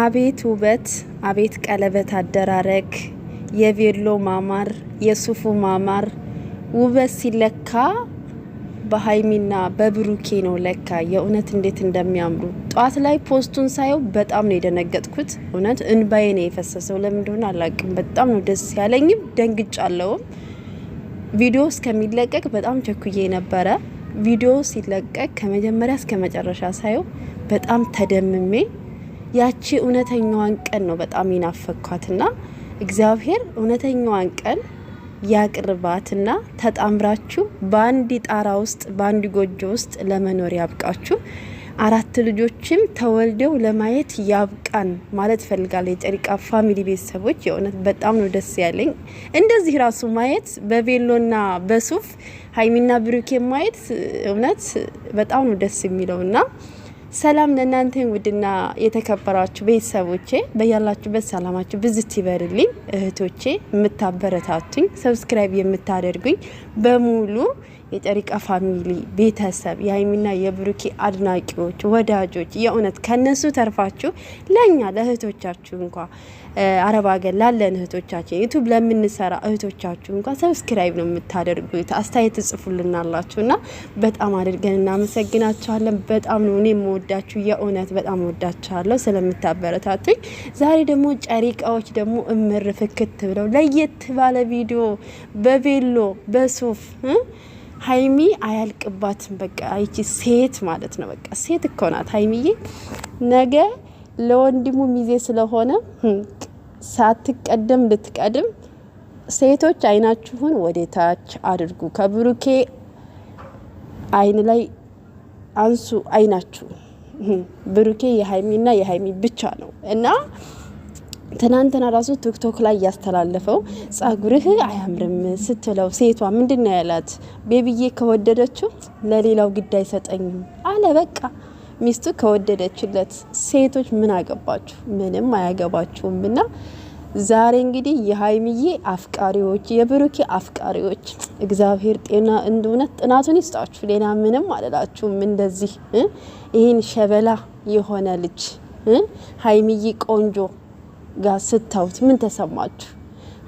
አቤት ውበት! አቤት ቀለበት አደራረግ! የቬሎ ማማር፣ የሱፉ ማማር! ውበት ሲለካ በሀይሚና በብሩኬ ነው ለካ። የእውነት እንዴት እንደሚያምሩ ጠዋት ላይ ፖስቱን ሳየው በጣም ነው የደነገጥኩት። እውነት እንባዬ ነው የፈሰሰው። ለምን እንደሆነ አላውቅም። በጣም ነው ደስ ያለኝም፣ ደንግጫለሁም። ቪዲዮ እስከሚለቀቅ በጣም ቸኩዬ ነበረ። ቪዲዮ ሲለቀቅ ከመጀመሪያ እስከ መጨረሻ ሳየው በጣም ተደምሜ ያቺ እውነተኛዋን ቀን ነው በጣም ይናፈኳትና እግዚአብሔር እውነተኛዋን ቀን ያቅርባትና ተጣምራችሁ በአንድ ጣራ ውስጥ በአንድ ጎጆ ውስጥ ለመኖር ያብቃችሁ። አራት ልጆችም ተወልደው ለማየት ያብቃን ማለት ፈልጋለ የጨሪቃ ፋሚሊ ቤተሰቦች የእውነት በጣም ነው ደስ ያለኝ። እንደዚህ ራሱ ማየት በቬሎና በሱፍ ሀይሚና ብሩኬ ማየት እውነት በጣም ነው ደስ የሚለውና ሰላም ለእናንተ ውድና የተከበራችሁ ቤተሰቦቼ፣ በያላችሁበት ሰላማችሁ ብዝት ይበርልኝ። እህቶቼ የምታበረታቱኝ ሰብስክራይብ የምታደርጉኝ በሙሉ የጨሪቃ ፋሚሊ ቤተሰብ፣ የሀይሚና የብሩኪ አድናቂዎች፣ ወዳጆች የእውነት ከነሱ ተርፋችሁ ለእኛ ለእህቶቻችሁ እንኳ አረብ ሀገር ላለን እህቶቻችን ዩቱብ ለምንሰራ እህቶቻችሁ እንኳ ሰብስክራይብ ነው የምታደርጉት፣ አስተያየት ጽፉልናላችሁ እና በጣም አድርገን እናመሰግናችኋለን። በጣም ነው እኔ የምወዳችሁ፣ የእውነት በጣም ወዳችኋለሁ ስለምታበረታቱኝ። ዛሬ ደግሞ ጨሪቃዎች ደግሞ እምር ፍክት ብለው ለየት ባለ ቪዲዮ በቬሎ በሱፍ ሀይሚ አያልቅባትም። በቃ ይቺ ሴት ማለት ነው። በቃ ሴት እኮ ናት ሀይሚዬ። ነገ ለወንድሙ ሚዜ ስለሆነ ሳትቀደም ልትቀድም። ሴቶች አይናችሁን ወደታች አድርጉ፣ ከብሩኬ አይን ላይ አንሱ አይናችሁ። ብሩኬ የሀይሚና የሀይሚ ብቻ ነው እና ትናንትና ራሱ ቲክቶክ ላይ እያስተላለፈው ጸጉርህ አያምርም ስትለው ሴቷ ምንድን ነው ያላት? ቤቢዬ ከወደደችው ለሌላው ግድ አይሰጠኝም አለ። በቃ ሚስቱ ከወደደችለት ሴቶች ምን አገባችሁ? ምንም አያገባችሁም። እና ዛሬ እንግዲህ የሀይምዬ አፍቃሪዎች፣ የብሩኬ አፍቃሪዎች እግዚአብሔር ጤና እንደሆነ ጥናቱን ይስጣችሁ። ሌላ ምንም አልላችሁም። እንደዚህ ይህን ሸበላ የሆነ ልጅ ሀይምዬ ቆንጆ ጋር ስታዩት ምን ተሰማችሁ?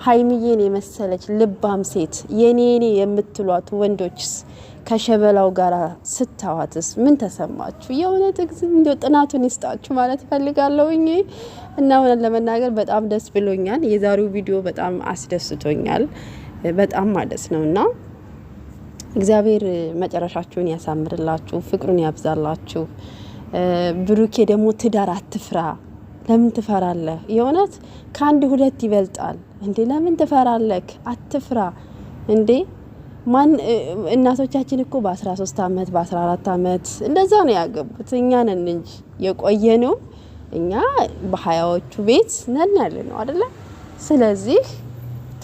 ሀይሚዬን የመሰለች ልባም ሴት የኔ የኔ የምትሏት ወንዶችስ ከሸበላው ጋር ስታዋትስ ምን ተሰማችሁ? የእውነት እንዲያው ጥናቱን ይስጣችሁ ማለት እፈልጋለሁ። እና እውነት ለመናገር በጣም ደስ ብሎኛል። የዛሬው ቪዲዮ በጣም አስደስቶኛል፣ በጣም ማለት ነው እና እግዚአብሔር መጨረሻችሁን ያሳምርላችሁ፣ ፍቅሩን ያብዛላችሁ። ብሩኬ ደግሞ ትዳር አትፍራ ለምን ትፈራለህ? የእውነት ከአንድ ሁለት ይበልጣል እንዴ! ለምን ትፈራለህ? አትፍራ እንዴ! ማን እናቶቻችን እኮ በ13 ዓመት በ14 ዓመት እንደዛ ነው ያገቡት። እኛ ነን እንጂ የቆየነው እኛ በሀያዎቹ ቤት ነን ያለ ነው አደለ? ስለዚህ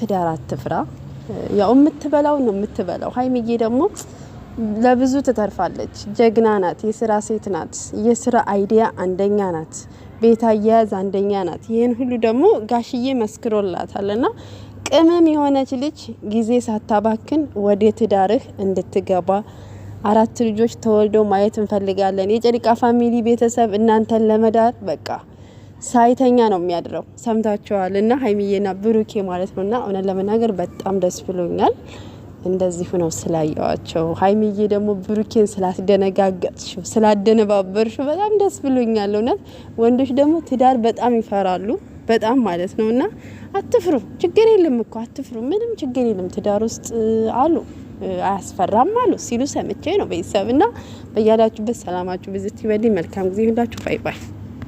ትዳር አትፍራ። ያው የምትበላው ነው የምትበላው። ሀይሚዬ ደግሞ ለብዙ ትተርፋለች። ጀግና ናት። የስራ ሴት ናት። የስራ አይዲያ አንደኛ ናት። ቤት አያያዝ አንደኛ ናት። ይህን ሁሉ ደግሞ ጋሽዬ መስክሮላታል ና ቅመም የሆነች ልጅ ጊዜ ሳታባክን ወደ ትዳርህ እንድትገባ አራት ልጆች ተወልደው ማየት እንፈልጋለን። የጨሪቃ ፋሚሊ ቤተሰብ እናንተን ለመዳር በቃ ሳይተኛ ነው የሚያድረው። ሰምታችኋል። እና ሀይሚዬና ብሩኬ ማለት ነው። እና እውነት ለመናገር በጣም ደስ ብሎኛል። እንደዚሁ ነው ስላየዋቸው። ሀይሚዬ ደግሞ ብሩኬን ስላስደነጋገጥሽው ስላደነባበርሽው በጣም ደስ ብሎኛል። እውነት ወንዶች ደግሞ ትዳር በጣም ይፈራሉ፣ በጣም ማለት ነው። እና አትፍሩ፣ ችግር የለም እኮ አትፍሩ፣ ምንም ችግር የለም ትዳር ውስጥ አሉ አያስፈራም አሉ ሲሉ ሰምቼ ነው ቤተሰብ እና በያላችሁበት ሰላማችሁ ብዝት ይበልኝ። መልካም ጊዜ ሁላችሁ። ባይ ባይ